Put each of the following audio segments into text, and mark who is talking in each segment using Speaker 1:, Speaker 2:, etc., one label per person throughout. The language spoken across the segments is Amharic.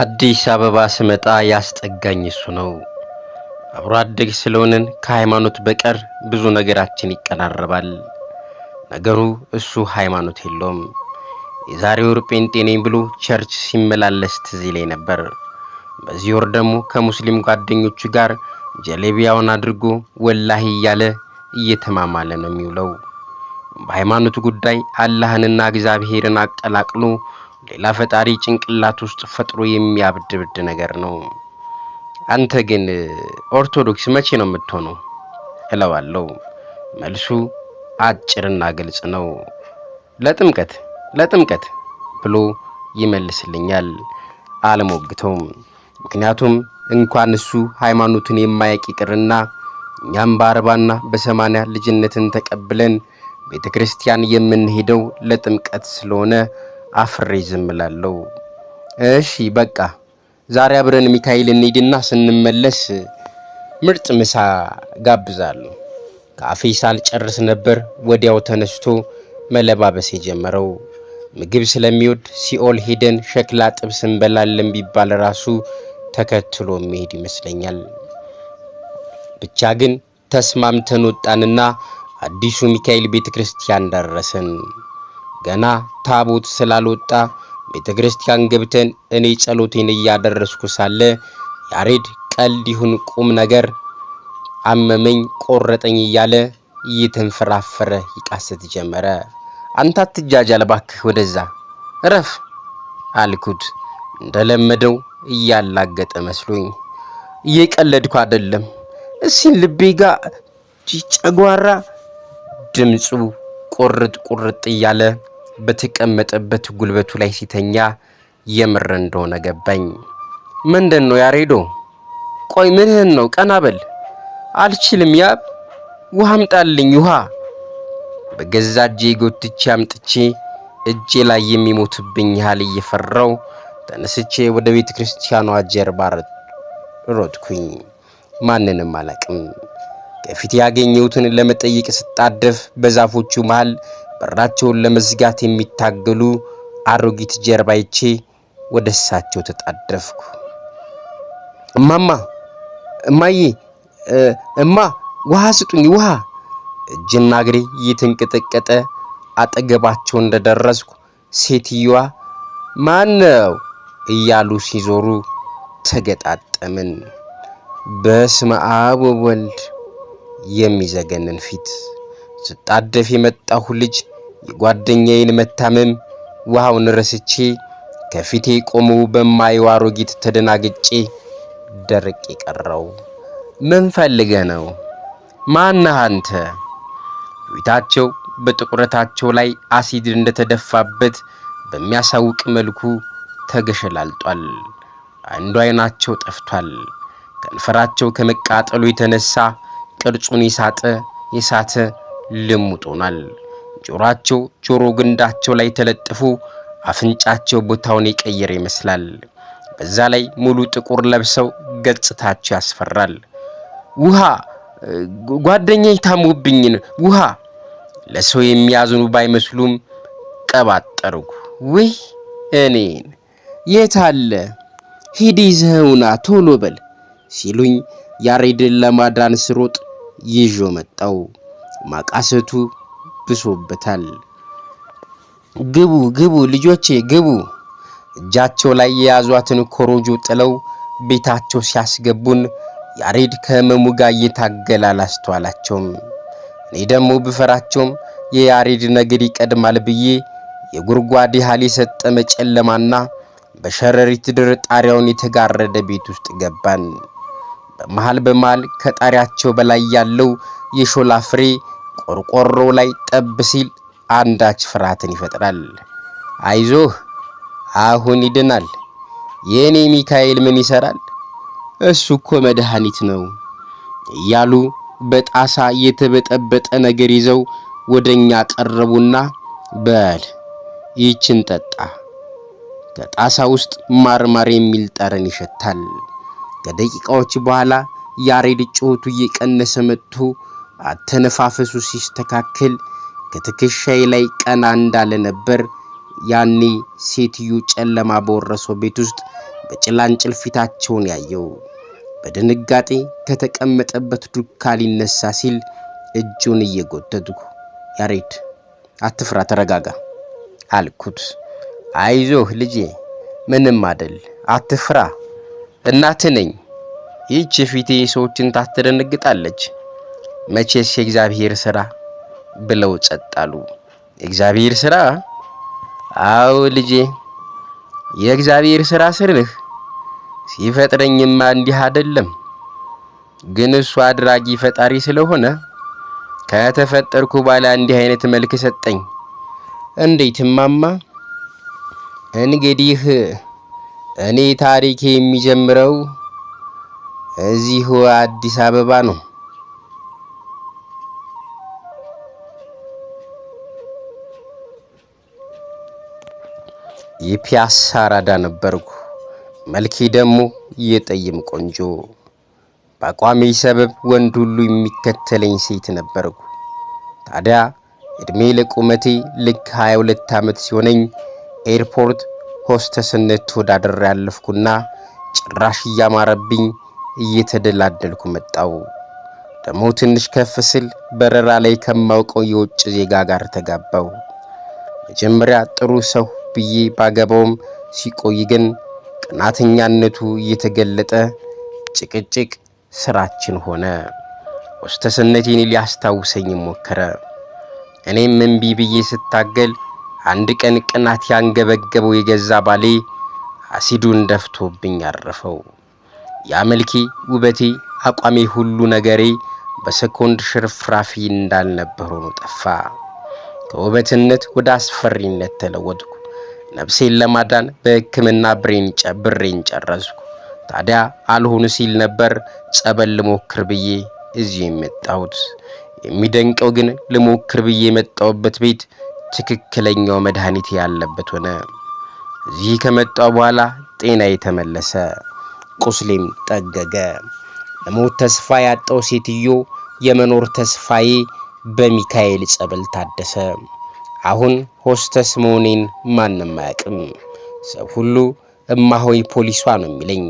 Speaker 1: አዲስ አበባ ስመጣ ያስጠጋኝ እሱ ነው። አብሮ አደግ ስለሆንን ከሃይማኖት በቀር ብዙ ነገራችን ይቀራረባል። ነገሩ እሱ ሃይማኖት የለውም። የዛሬ ወር ጴንጤ ነኝ ብሎ ቸርች ሲመላለስ ትዝ ይለኝ ነበር። በዚህ ወር ደግሞ ከሙስሊም ጓደኞቹ ጋር ጀሌቢያውን አድርጎ ወላሂ እያለ እየተማማለ ነው የሚውለው። በሃይማኖት ጉዳይ አላህንና እግዚአብሔርን አቀላቅሎ ሌላ ፈጣሪ ጭንቅላት ውስጥ ፈጥሮ የሚያብድብድ ነገር ነው። አንተ ግን ኦርቶዶክስ መቼ ነው የምትሆነው? እለዋለሁ። መልሱ አጭርና ግልጽ ነው። ለጥምቀት ለጥምቀት ብሎ ይመልስልኛል። አልሞግተውም። ምክንያቱም እንኳን እሱ ሃይማኖቱን የማያውቅ ይቅርና እኛም በአርባና በሰማንያ ልጅነትን ተቀብለን ቤተ ክርስቲያን የምንሄደው ለጥምቀት ስለሆነ አፍሬ ዝም እሺ በቃ ዛሬ አብረን ሚካኤል እንሂድና ስንመለስ ምርጥ ምሳ ጋብዛለሁ። ከአፌ ሳልጨርስ ነበር ወዲያው ተነስቶ መለባበስ የጀመረው። ምግብ ስለሚወድ ሲኦል ሄደን ሸክላ ጥብስ እንበላለን ቢባል ራሱ ተከትሎ መሄድ ይመስለኛል። ብቻ ግን ተስማምተን ወጣንና አዲሱ ሚካኤል ቤተ ክርስቲያን ገና ታቦት ስላልወጣ ቤተ ክርስቲያን ገብተን እኔ ጸሎቴን እያደረስኩ ሳለ ያሬድ ቀልድ ይሁን ቁም ነገር አመመኝ ቆረጠኝ እያለ እየተንፈራፈረ ይቃሰት ጀመረ። አንተ አትጃጃል እባክህ ወደዛ እረፍ አልኩት። እንደለመደው እያላገጠ መስሎኝ እየቀለድኩ አይደለም። እሲን ልቤ ጋ ጨጓራ ድምፁ ቁርጥ ቁርጥ እያለ በተቀመጠበት ጉልበቱ ላይ ሲተኛ የምር እንደሆነ ገባኝ። ምንድን ነው ያሬዶ? ቆይ ምንህን ነው? ቀና በል። አልችልም ያብ፣ ውሃ አምጣልኝ ውሃ። በገዛ እጄ ጎትቼ አምጥቼ እጄ ላይ የሚሞትብኝ ያህል እየፈራው ተነስቼ ወደ ቤተ ክርስቲያኗ ጀርባ ሮጥኩኝ። ማንንም አላቅም። ከፊት ያገኘሁትን ለመጠየቅ ስጣደፍ በዛፎቹ መሃል በራቸውን ለመዝጋት የሚታገሉ አሮጊት ጀርባ ይቼ ወደ እሳቸው ተጣደፍኩ። እማማ እማዬ እማ ውሃ ስጡኝ ውሃ። እጅና እግሬ እየተንቀጠቀጠ አጠገባቸው እንደደረስኩ ሴትየዋ ማን ነው እያሉ ሲዞሩ ተገጣጠምን። በስመ አብ ወወልድ የሚዘገንን ፊት ስጣደፍ የመጣሁ ልጅ የጓደኛዬን መታመም ውሃውን ረስቼ ከፊቴ ቆመው በማየው አሮጊት ተደናግጬ ደርቅ የቀረው ምን ፈልገ ነው? ማነህ አንተ? ፊታቸው በጥቁረታቸው ላይ አሲድ እንደተደፋበት በሚያሳውቅ መልኩ ተገሸላልጧል። አንዱ አይናቸው ጠፍቷል። ከንፈራቸው ከመቃጠሉ የተነሳ ቅርጹን ይሳጠ የሳተ ልሙጥ ጆሯቸው ጆሮ ግንዳቸው ላይ ተለጥፉ አፍንጫቸው ቦታውን የቀየረ ይመስላል። በዛ ላይ ሙሉ ጥቁር ለብሰው ገጽታቸው ያስፈራል። ውሃ ጓደኛ የታሙብኝን ውሃ ለሰው የሚያዝኑ ባይመስሉም ቀባጠርኩ። ውይ እኔን የት አለ ሂድ ይዘኸውና ቶሎ በል ሲሉኝ ያሬድን ለማዳን ስሮጥ ይዞ መጣው። ማቃሰቱ ብሶበታል። ግቡ ግቡ ልጆቼ ግቡ። እጃቸው ላይ የያዟትን ኮሮጆ ጥለው ቤታቸው ሲያስገቡን ያሬድ ከህመሙ ጋር እየታገለ አላስተዋላቸውም። እኔ ደግሞ ብፈራቸውም የያሬድ ነገር ይቀድማል ብዬ የጉርጓድ ያህል የሰጠመ ጨለማና በሸረሪት ድር ጣሪያውን የተጋረደ ቤት ውስጥ ገባን። በመሃል በመሃል ከጣሪያቸው በላይ ያለው የሾላ ፍሬ ቆርቆሮ ላይ ጠብ ሲል አንዳች ፍርሃትን ይፈጥራል። አይዞህ አሁን ይድናል። የእኔ ሚካኤል ምን ይሰራል? እሱ እኮ መድኃኒት ነው እያሉ በጣሳ የተበጠበጠ ነገር ይዘው ወደኛ ቀረቡና በል ይችን ጠጣ። ከጣሳ ውስጥ ማርማር የሚል ጠረን ይሸታል። ከደቂቃዎች በኋላ ያሬድ ጩኸቱ እየቀነሰ መጥቶ አተነፋፈሱ ሲስተካከል ከትከሻዬ ላይ ቀና እንዳለ ነበር። ያኔ ሴትዮ ጨለማ በወረሰው ቤት ውስጥ በጭላንጭል ፊታቸውን ያየው። በድንጋጤ ከተቀመጠበት ዱካ ሊነሳ ሲል እጁን እየጎተትኩ ያሬድ አትፍራ፣ ተረጋጋ አልኩት። አይዞህ ልጄ፣ ምንም አደል፣ አትፍራ እናት ነኝ። ይህች የፊቴ ሰዎችን ታስደነግጣለች። መቼስ የእግዚአብሔር ሥራ ብለው ጸጥ አሉ። የእግዚአብሔር ሥራ? አዎ ልጄ፣ የእግዚአብሔር ሥራ ስርህ ሲፈጥረኝማ እንዲህ አይደለም። ግን እሱ አድራጊ ፈጣሪ ስለሆነ ከተፈጠርኩ በኋላ እንዲህ አይነት መልክ ሰጠኝ። እንዴት ማማ እንግዲህ እኔ ታሪኬ የሚጀምረው እዚሁ አዲስ አበባ ነው። የፒያሳ አራዳ ነበርኩ። መልኬ ደግሞ የጠይም ቆንጆ፣ በአቋሜ ሰበብ ወንድ ሁሉ የሚከተለኝ ሴት ነበርኩ። ታዲያ እድሜ ለቁመቴ ልክ 22 ዓመት ሲሆነኝ ኤርፖርት ሆስተስነት ተወዳድሬ ያለፍኩና ጭራሽ እያማረብኝ እየተደላደልኩ መጣው። ደግሞ ትንሽ ከፍ ስል በረራ ላይ ከማውቀው የውጭ ዜጋ ጋር ተጋባው። መጀመሪያ ጥሩ ሰው ብዬ ባገባውም ሲቆይ ግን ቅናተኛነቱ እየተገለጠ ጭቅጭቅ ስራችን ሆነ። ሆስተስነቴን ሊያስታውሰኝ ሞከረ። እኔም እምቢ ብዬ ስታገል አንድ ቀን ቅናት ያንገበገበው የገዛ ባሌ አሲዱን ደፍቶብኝ አረፈው። ያ መልኬ፣ ውበቴ፣ አቋሜ፣ ሁሉ ነገሬ በሰኮንድ ሽርፍራፊ እንዳልነበር ሆኖ ጠፋ። ከውበትነት ወደ አስፈሪነት ተለወጥኩ። ነፍሴን ለማዳን በሕክምና ብሬን ጨብሬን ጨረስኩ። ታዲያ አልሆኑ ሲል ነበር ጸበል ልሞክር ብዬ እዚህ የመጣሁት። የሚደንቀው ግን ልሞክር ብዬ የመጣሁበት ቤት ትክክለኛው መድኃኒት ያለበት ሆነ። እዚህ ከመጣው በኋላ ጤና የተመለሰ፣ ቁስሌም ጠገገ። ለሞት ተስፋ ያጣው ሴትዮ የመኖር ተስፋዬ በሚካኤል ጸበል ታደሰ። አሁን ሆስተስ መሆኔን ማንም አያውቅም። ሰው ሁሉ እማሆይ ፖሊሷ ነው የሚለኝ።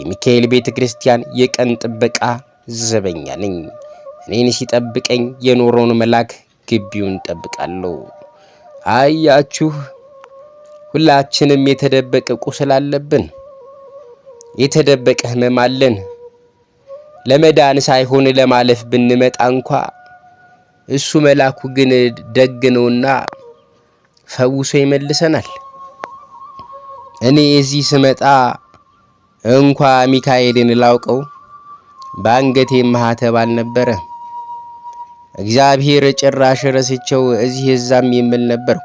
Speaker 1: የሚካኤል ቤተ ክርስቲያን የቀን ጥበቃ ዘበኛ ነኝ። እኔን ሲጠብቀኝ የኖረውን መልአክ ግቢውን ጠብቃለሁ። አያችሁ ሁላችንም የተደበቀ ቁስል አለብን፣ የተደበቀ ህመም አለን። ለመዳን ሳይሆን ለማለፍ ብንመጣ እንኳ እሱ መላኩ ግን ደግ ነውና ፈውሶ ይመልሰናል። እኔ እዚህ ስመጣ እንኳ ሚካኤልን ላውቀው በአንገቴ ማህተብ አልነበረም። እግዚአብሔር ጭራሽ ረስቸው እዚህ እዛም የምል ነበርኩ።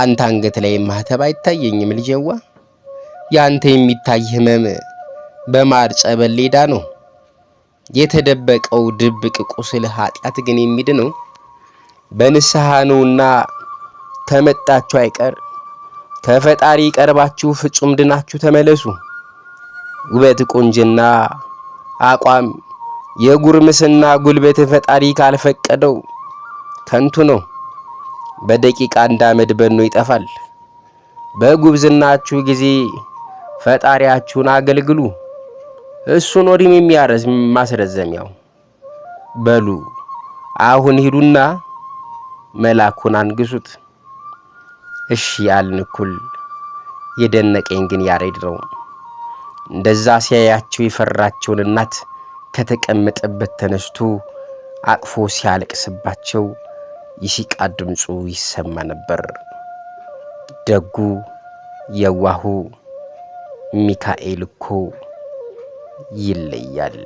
Speaker 1: አንተ አንገት ላይ ማህተብ አይታየኝም ልጄዋ። ያንተ የሚታይ ህመም በማር ጸበል ሌዳ ነው። የተደበቀው ድብቅ ቁስል ኃጢአት ግን ነው! በንስሐ ነውና ከመጣችሁ አይቀር ከፈጣሪ ቀርባችሁ ፍጹም ድናችሁ ተመለሱ። ውበት፣ ቁንጅና፣ አቋም የጉርምስና ጉልበት ፈጣሪ ካልፈቀደው ከንቱ ነው። በደቂቃ እንዳመድ አመድ በኖ ይጠፋል። በጉብዝናችሁ ጊዜ ፈጣሪያችሁን አገልግሉ። እሱን ወዲም የሚያረዝ ማስረዘሚያው በሉ። አሁን ሂዱና መላኩን አንግሱት። እሺ ያልንኩል የደነቀኝ ግን ያሬድ ነው። እንደዛ ሲያያቸው የፈራቸውን እናት ከተቀመጠበት ተነስቶ አቅፎ ሲያለቅስባቸው የሲቃ ድምፁ ይሰማ ነበር። ደጉ የዋሁ ሚካኤል እኮ ይለያል።